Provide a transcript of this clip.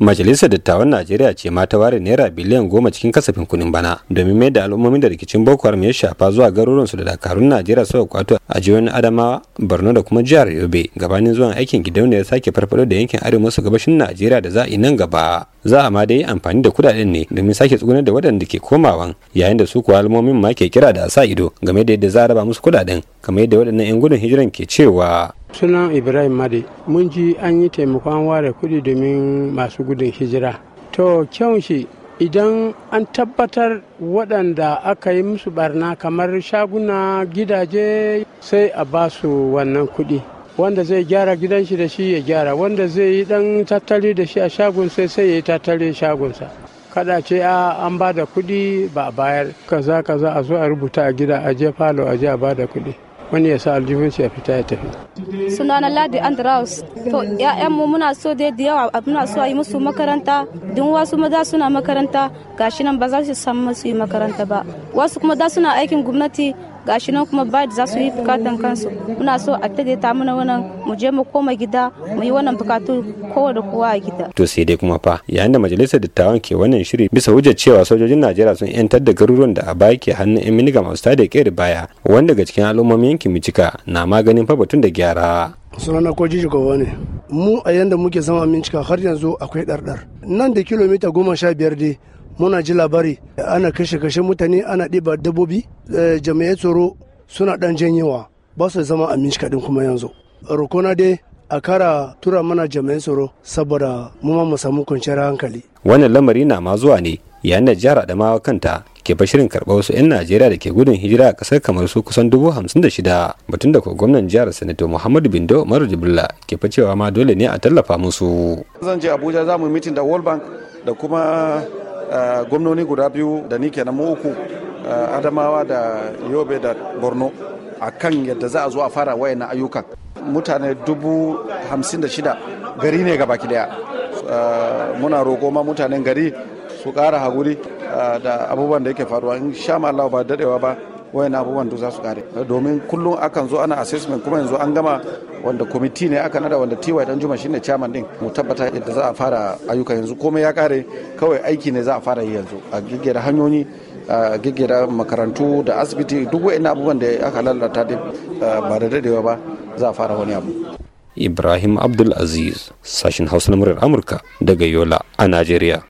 Majalisar Dattawan Najeriya ce ma ta ware naira biliyan goma cikin kasafin kuɗin bana domin mai da al'ummomi da rikicin Boko Haram ya shafa zuwa garuruwan su da dakarun Najeriya suka kwato a jihohin Adamawa, Borno da kuma jihar Yobe gabanin zuwan aikin gidauniyar sake farfado da yankin arewa maso gabashin Najeriya da za a yi nan gaba. Za a ma dai amfani da kudaden ne domin sake tsugunar da waɗanda ke komawan yayin da su kuwa al'ummomin ma ke kira da a sa ido game da yadda za a raba musu kudaden kamar yadda waɗannan 'yan gudun hijiran ke cewa sunan ibrahim Madi mun ji an yi taimakon ware kudi domin masu gudun hijira to kyau shi idan an tabbatar waɗanda aka yi musu barna kamar shaguna gidaje sai a ba su wannan kuɗi wanda zai gyara gidan shi da shi ya gyara wanda zai yi ɗan tattali da shi a shagun sai sai ya yi tattali shagunsa kada ce a an ba da kuɗi ba a bayar kaza kaza a zo a rubuta a gida a je falo a je a ba da kuɗi wani ya sa aljihun ya fita ya tafi sunana ladi andraus to ya'yan mu muna so dai da yawa muna so a yi musu makaranta don wasu maza suna makaranta gashi nan ba za su samu masu yi makaranta ba wasu kuma da suna aikin gwamnati gashi nan kuma ba za su yi bukatan kansu muna so a ta mana wannan mu je mu koma gida mu yi wannan bukatu kowa da kowa a gida to sai dai kuma fa yayin da majalisar dattawan ke wannan shiri bisa hujjar cewa sojojin Najeriya sun yantar da garuruwan da a baya ke hannun yan miniga masu tada kere baya wanda daga cikin al'ummomin yankin Micika na maganin fa batun da gyara sunana ko jijikowa ne mu a yanda muke zama mincika har yanzu akwai ɗarɗar nan da kilomita goma sha biyar dai muna ji labari ana kashe kashe mutane ana ɗiba dabbobi eh, jami'ai tsoro suna ɗan janyewa ba su zama a minci din kuma yanzu Rukuna dai a kara tura mana jami'ai tsoro saboda mu mu samu kwanciyar hankali wannan lamari na ma zuwa ne yayin da jihar adamawa kanta ke shirin karɓar wasu 'yan najeriya da ke gudun hijira a ƙasar kamar su kusan dubu hamsin da shida batun da ko gwamnan jihar sanato muhammadu bindo umaru jibrila ke facewa ma dole ne a tallafa musu zan je abuja za mu mitin da world bank da kuma Eh, gwamnoni guda biyu da ni kenan mu uku eh, adamawa da yobe da borno a kan yadda za a zo a fara na ayyukan mutane dubu hamsin da shida gari ne gaba daya eh, muna roƙo ma mutanen gari su ƙara haguri da abubuwan da yake faruwa in sha Allah ba daɗewa ba wayan abubuwan duk za su kare domin kullum akan zo ana assessment kuma yanzu an gama wanda kwamiti ne aka nada wanda ty dan juma shine chairman din mu tabbata yadda za a fara ayyuka yanzu komai ya kare kawai aiki ne za a fara yi yanzu a giggera hanyoyi a giggera makarantu da asibiti duk wayan abubuwan da aka lalata ba da dadewa ba za a fara wani abu Ibrahim Abdulaziz, sashin Hausa na muryar Amurka daga Yola a Najeriya.